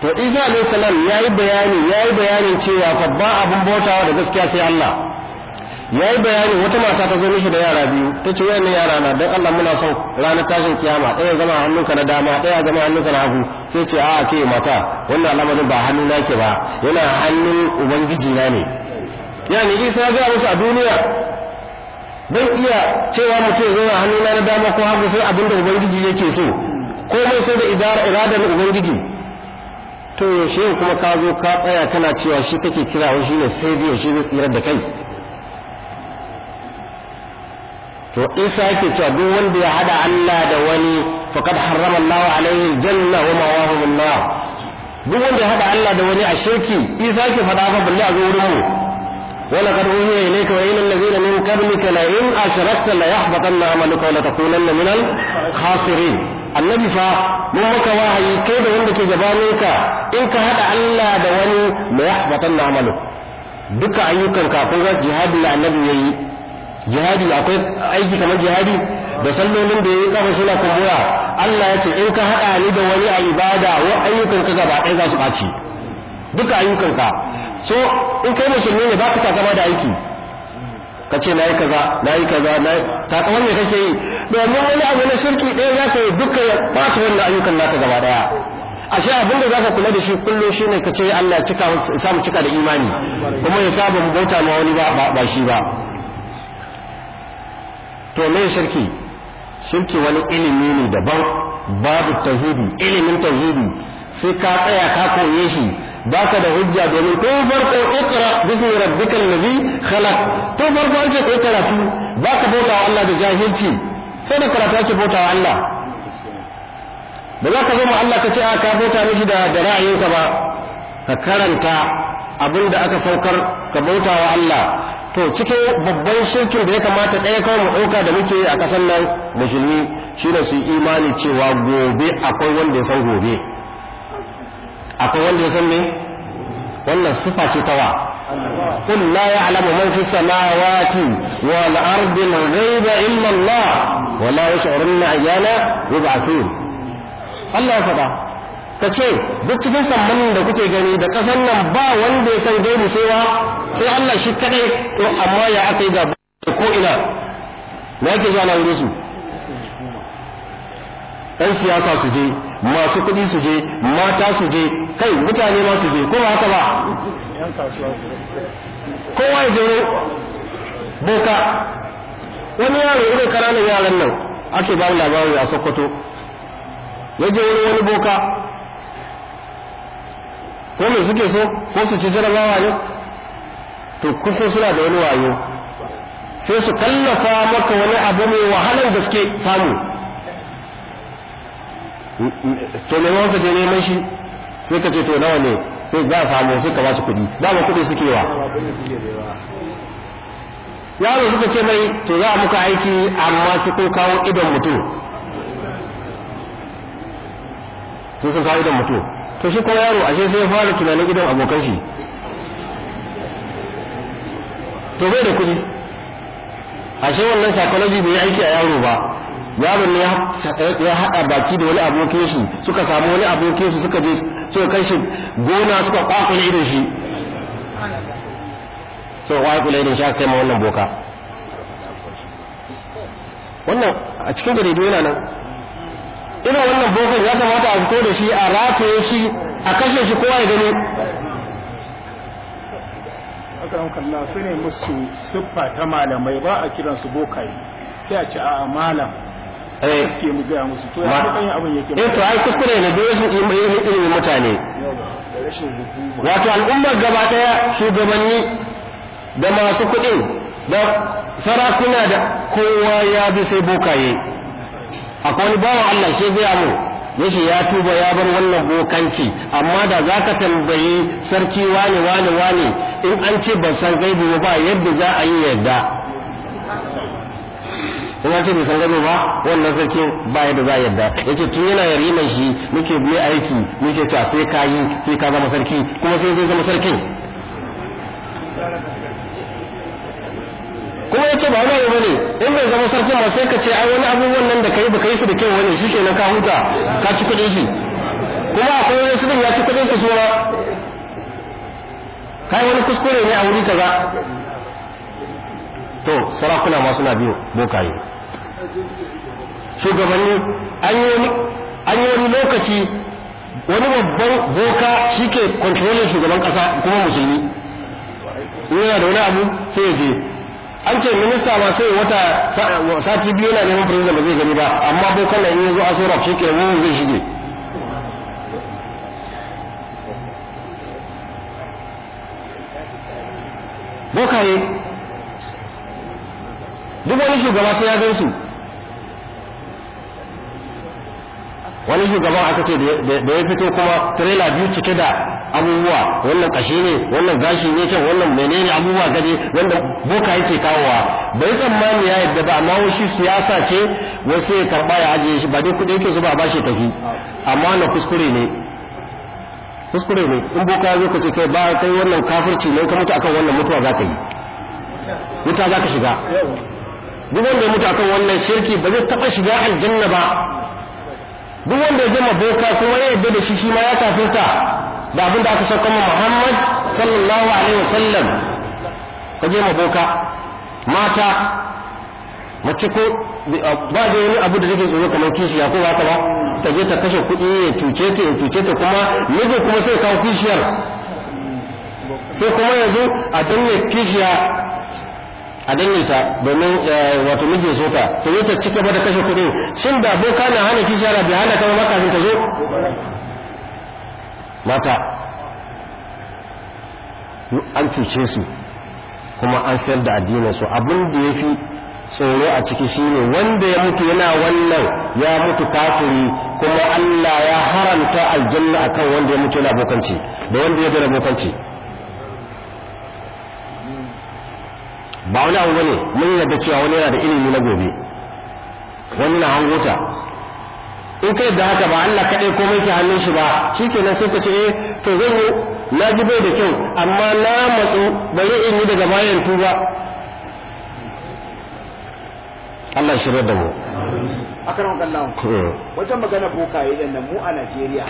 to isa alayhi salam yayi bayani yayi bayanin cewa fa ba abun bautawa da gaskiya sai Allah ya yi bayani wata mata ta zo mishi da yara biyu ta ce wayan yara na don Allah muna son ranar tashin kiyama ɗaya zama hannunka na dama ɗaya zama hannunka na hagu sai ce a ke mata wannan al'amarin ba hannun na ke ba yana hannun ubangiji na ne yani isa ya gaya musu a duniya don iya cewa mutum zai hannu na dama ko hagu sai abin da ubangiji yake so komai sai da idara iradar ubangiji to yaushe kuma ka zo ka tsaya kana cewa shi kake kira shi ne sai shi zai tsirar da kai to isa yake cewa duk wanda ya hada Allah da wani faqad harrama Allah alaihi janna wa mawahu an-nar duk wanda ya hada Allah da wani a shirki isa yake fada fa balle a zo wurin mu wala kad uhiya ilayka wa ila allazina min qablika la in asharakta la yahbatanna amaluka wa la takunanna min al-khasirin annabi fa mun maka wahayi kai da wanda ke gabaninka in ka hada Allah da wani la yahbatanna amaluka duka ayyukan kafin jihadin annabi yayi jihadi akwai aiki kamar jihadi da sallolin da ya kafa suna kumbura Allah ya ce in ka haɗa ni da wani a ibada wa ka gaba ɗaya za su ɓaci duka ayyukan ka so in kai musulmi ne ba ka takama da aiki ka ce na yi kaza na yi kaza na takamar me kake yi domin wani abu na shirki ɗaya za ka yi duka ya ɓata wannan ayyukan naka gaba ɗaya ashe abin da za ka kula da shi kullum shi ne ka ce Allah ya cika samu cika da imani kuma ya saba mu bauta ma wani ba shi ba to mai shirki shirki wani ilimi ne daban babu tauhidi ilimin tauhidi sai ka tsaya ka koye shi baka da hujja domin tun farko ikra bismi rabbikal ladhi khalaq tun farko an ce ko karatu baka bauta wa Allah da jahilci sai da karatu ake bauta wa Allah ba za ka zama Allah ka ce a ah, ka bauta mishi da da ra'ayinka ba ka karanta abin da aka saukar ka bauta wa Allah to cikin babban shirkin da ya kamata ɗaya kawai mu ɗauka da muke a ƙasar nan musulmi shine su imani cewa gobe akwai wanda ya san gobe akwai wanda ya san me wannan sifa ce ta wa قل لا يعلم من في السماوات والأرض الغيب إلا الله ولا يشعرن أيانا يبعثون الله faɗa. ta ce duk cikin sammanin da kuke gani da ƙasar nan ba wanda ya san gaibu sai wa sai Allah shi kaɗai to amma ya aka yi ga ko ina me yake zuwa na wurin su ɗan siyasa su je masu kuɗi su je mata su je kai mutane ma su je ko ba haka ba kowa ya je boka wani yaro irin ƙananan yaran nan ake ba labari a sokoto ya je wani boka ko me suke so ko su ci jarabawa ne to kusan suna da wani wayo sai su kallafa maka wani abu mai wahalar gaske samu to me wanka je neman shi sai ka ce to nawa ne sai za a samu sai ka ba su kuɗi dama kuɗi suke wa yaro suka ce mai to za a muka aiki amma su ko kawo idon mutum sai sun kawo idon mutum to shi ko yaro ashe sai ya fara tunanin gidan abokan shi to bai da kudi, ashe wannan psychology bai aiki a yaro ba yaron ne ya haɗa baki da wani abokin shi suka samu wani abokin shi suka je suka kai shi gona suka kwakule irin shi wai kula irin shi aka kai ma wannan boka wannan a cikin jaridu yana nan Ina wannan bogon ya kamata a fito da shi a rataye shi a kashe shi kowa ya gani na su ne musu siffa ta malamai ba a kiran su bokaye sai a ci a malam eh. mu to ya abin eh to ai kuskure ne duk su ilimin mutane wato al'ummar gaba daya shugabanni da masu kuɗi da sarakuna da kowa ya bi sai bokaye akwai wani bawan Allah shi gaya mu yace ya tuba ya bar wannan bokanci amma da za ka tambayi sarki wane wane wane in an ce ban san gaibu ba yadda za a yi yadda kuma ce bai san gado ba wannan sarki ba yadda za a Ya ce tun yana yari mai shi muke bi aiki muke ta sai ka yi sai ka zama sarki kuma sai zai zama sarkin kuma ya ce ba wani abu ne in bai zama sarkin ba sai ka ce ai wani abubuwan nan da kai ba kai su da kyau wani nan ka huta ka ci kuɗin shi kuma akwai wani su ya ci kuɗin su su ma kai wani kuskure ne a wuri ga? to sarakuna ma suna biyo bokaye shugabanni an yi wani lokaci wani babban boka shi ke kontrolin shugaban kasa kuma musulmi yana da wani abu sai ya je an ce minista ma sai wata sati biyu yana neman president ba zai gani ba amma bokan kalla in ya zo a sora zai shige bokaye duk wani shugaba sai ya gan wani shugaban aka ce da ya fito kuma tirela biyu cike da abubuwa wannan kashe ne wannan gashi ne kan wannan menene abubuwa gaji wanda boka yake kawowa bai tsammani ya yadda ba amma shi siyasa ce wasu ya karba ya ajiye shi ba dai kudi yake zuba ba shi tafi amma na kuskure ne kuskure ne in boka ya zo ka ce kai ba kai wannan kafirci ne ka mutu akan wannan mutuwa za ka yi wuta za ka shiga duk wanda ya mutu akan wannan shirki ba zai taɓa shiga aljanna ba duk wanda ya zama boka kuma ya yarda da shi shi ma ya kafirta da abinda aka sauka ma Muhammad sallallahu alaihi wasallam ka je maboka mata mace ko ba da wani abu da rike tsoro kamar kishiya ko ba ba ta je ta kashe kuɗi ya tuce ta ya tuce ta kuma miji kuma sai kawo kishiyar sai kuma yanzu a danne kishiya a ta domin eh, wato mijin so ta to yi ta cika da kashe kuɗi shin da boka na hana da bai hana kama maka ta zo mata an cuce su kuma an sayar da addinin su abin da ya fi tsoro a ciki shine wanda ya mutu yana wannan ya mutu kafiri kuma Allah ya haramta aljanna akan wanda ya mutu yana bokanci da wanda ya bada bokanci ba wani abu bane mun yarda cewa wani yana da ilimi na gobe wani na hangota in kai da haka ba Allah kaɗai komai ke hannun shi ba nan sai ka ce eh to zan yi na ji bai da kyau amma na matsu ba zai yi daga bayan tu ba." Allah shirya da mu akan wakallahu hmm. wajen magana bokaye da mu a Najeriya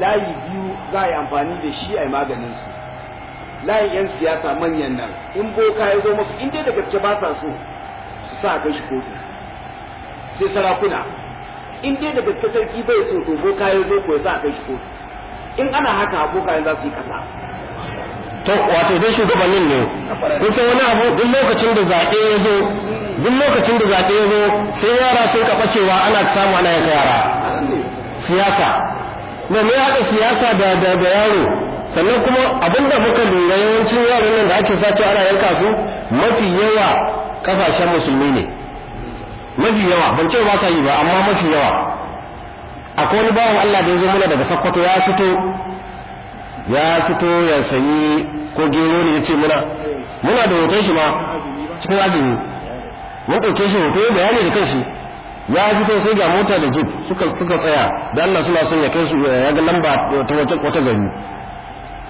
layi biyu za a yi amfani da shi a maganin su layin yan siyasa manyan nan in boka ya zo masu in dai da gaske ba sa so su sa kai shi kotu sai sarakuna in dai da gaske sarki bai so to boka ya zo ko ya sa kai shi kotu in ana haka boka ya za su yi kasa to wato dai shugabannin ne san wani abu duk lokacin da zaɓe ya zo duk lokacin da zaɓe ya zo sai yara sun kaɓa cewa ana samu ana yaka yara siyasa da me haɗa siyasa da da yaro sannan kuma abinda muka lura yawancin yaran nan da ake sace ana yanka su mafi yawa kasashen musulmi ne mafi yawa ban ce ba sa yi ba amma mafi yawa akwai wani bawan Allah da ya zo mana daga Sokoto ya fito ya fito ya sayi ko gero ne ya ce muna da hoton shi ma cikin azumi mun ɗauke shi hoto da bayani da kanshi ya fito sai ga mota da jeep suka suka tsaya da Allah suna son ya kai su ya ga lamba ta wata gari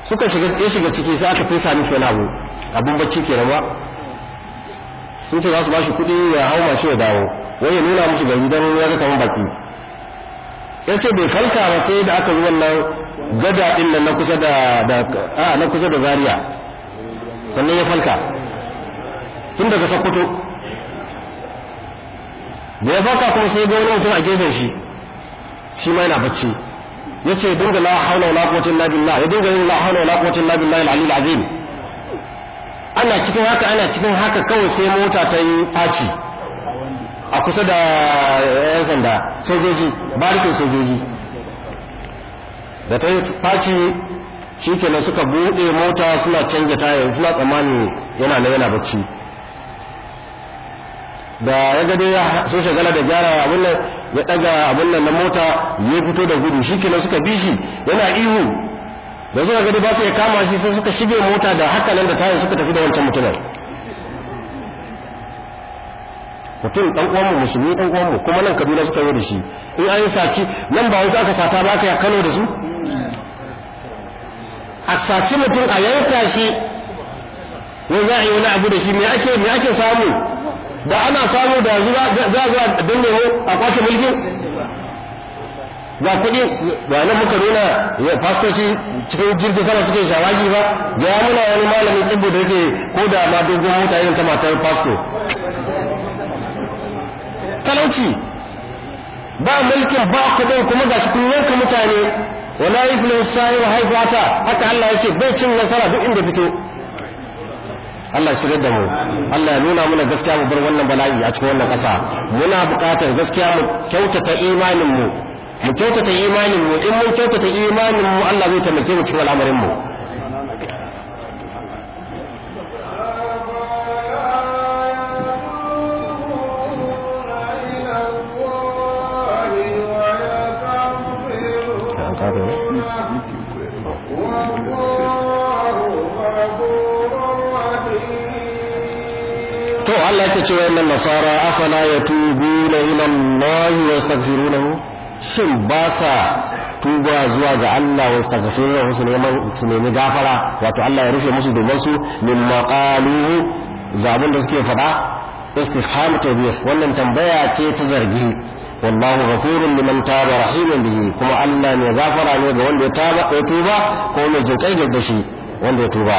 suka shiga ya shiga ciki sai aka fesa mishi wani abu abin bacci ke ba sun ce za su bashi kuɗi ya hau mashi ya dawo wai ya nuna musu gari don ya ga kamar baki ya ce bai falka ba sai da aka yi nan gada ɗin nan na kusa da zariya zaria sannan ya falka tun daga sokoto da ya falka kuma sai ga wani mutum a gefen shi shi ma yana bacci yace dinga la haula wala quwwata illa billah ya dinga yin la haula wala quwwata illa billah al-ali azim ana cikin haka ana cikin haka kawai sai mota ta yi faci a kusa da eh, yan sanda sojoji barikin sojoji da ta yi faci shikenan suka buɗe mota suna canja tayar suna tsammanin yana na yana bacci da ya gade ya so shagala da gyara abin nan ya daga abin nan na mota ya fito da gudu shi kenan suka bi shi yana ihu da suka gade ba su ya kama shi sai suka shige mota da haka nan da tayar suka tafi da wancan mutumin mutum dan uwan mu musulmi dan uwan mu kuma nan kabila suka yi da shi in an saci nan ba wasu aka sata ba ka ya kano da su a saci mutum a yanka shi ne za a yi wani abu da shi me ake me ake samu da ana samu da zuwa za zuwa dannewo a kwashe mulkin ga kuɗi ga nan muka nuna fastoci cikin jirgin sama suke shawagi ba ya muna wani malamin tsibbu da yake ko da ma dogon mota ta matar fasto talauci ba mulkin ba kuɗin kuma shi kun yanka mutane wala sa'i wa haifata haka Allah yake bai cin nasara duk inda fito Allah shigar da mu Allah ya nuna mana gaskiya mu bar wannan bala'i a cikin wannan ƙasa muna buƙatar gaskiya mu kyautata imanin mu mu kyautata imanin mu in mun kyautata imanin mu Allah zai taimake mu cikin al'amarin mu Allah yake cewa nasara afala yatubuna ila Allah wa yastaghfirunahu shin ba sa tuba zuwa ga Allah wa yastaghfirunahu su neman su nemi gafara wato Allah ya rufe musu domin su min qalu zabun da suke faɗa istifham tabih wannan tambaya ce ta zargi والله غفور لمن تاب رحيم به كما الله ne gafara ne ga wanda ya taba tuba ko mai jinkai da shi wanda ya tuba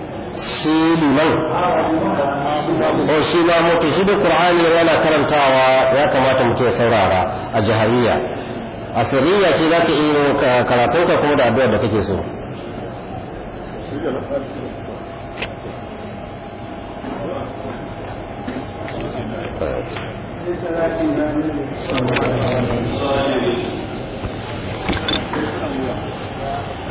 sai liman o shi da mutu shi da yana karantawa ya kamata mutum ya saurara a jahariya a sirriya ce za ka iya ka kuma da addu'ar da kake so Thank you.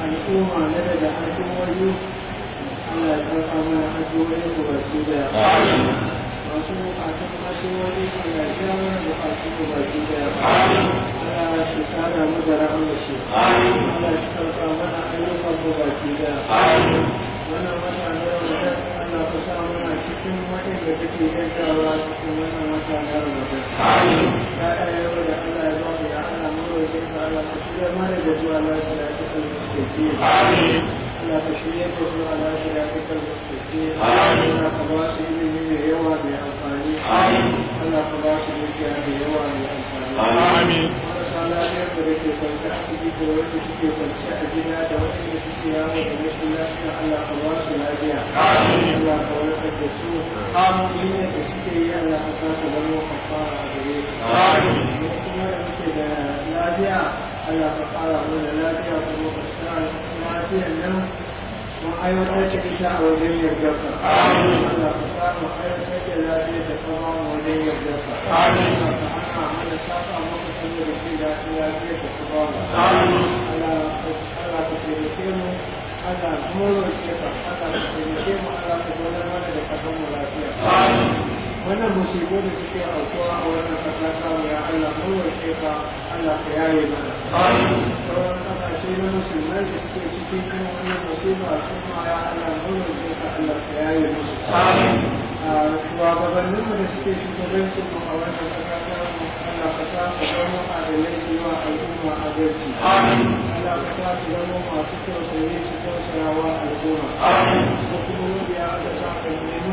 al'umma na da masu ya kira da da cikin da da Amin. lafiya Allah ka ƙara mana lafiya kuma ka sa nan aiwatar ita a wajen yardarka Allah ka aiwatar da lafiya da kuma wajen yardarka Allah ka hana mana lafiya da kuma Allah taimake mu Allah Allah taimake mu Allah mana da mu lafiya wannan musibu da suke aukuwa a wannan kasa samu ya Allah kowace ka Allah ka yaye mana. Sauran kasashe na musulmai da suke cikin irin wannan a su ma ya Allah kowace ka Allah ka yaye musu. Shugabannin mu da suke su mu a wannan kasa samu Allah ka sa su zama adalci wa al'umma adalci. Allah ka sa su zama masu tausayi su tausayawa al'umma. Ko kuma wanda ya ka sa ka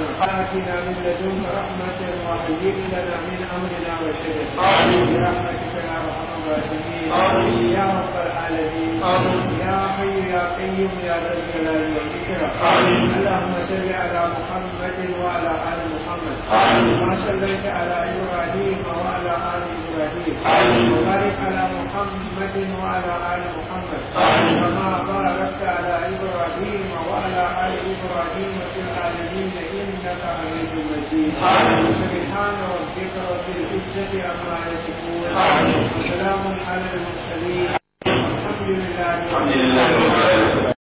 آتنا من لدنك رحمة وهيئ لنا من أمرنا رشدا برحمتك يا أرحم الراحمين يا رب العالمين يا حي يا قيوم يا ذا الجلال والإكرام اللهم صل على محمد وعلى آل محمد ما صليت على إبراهيم وعلى آل إبراهيم وبارك على محمد وعلى آل محمد كما باركت على إبراهيم وعلى آل إبراهيم في إنك حميد مجيد سبحان ربك رب العزة عما يصفون وسلام على المرسلين الحمد لله رب العالمين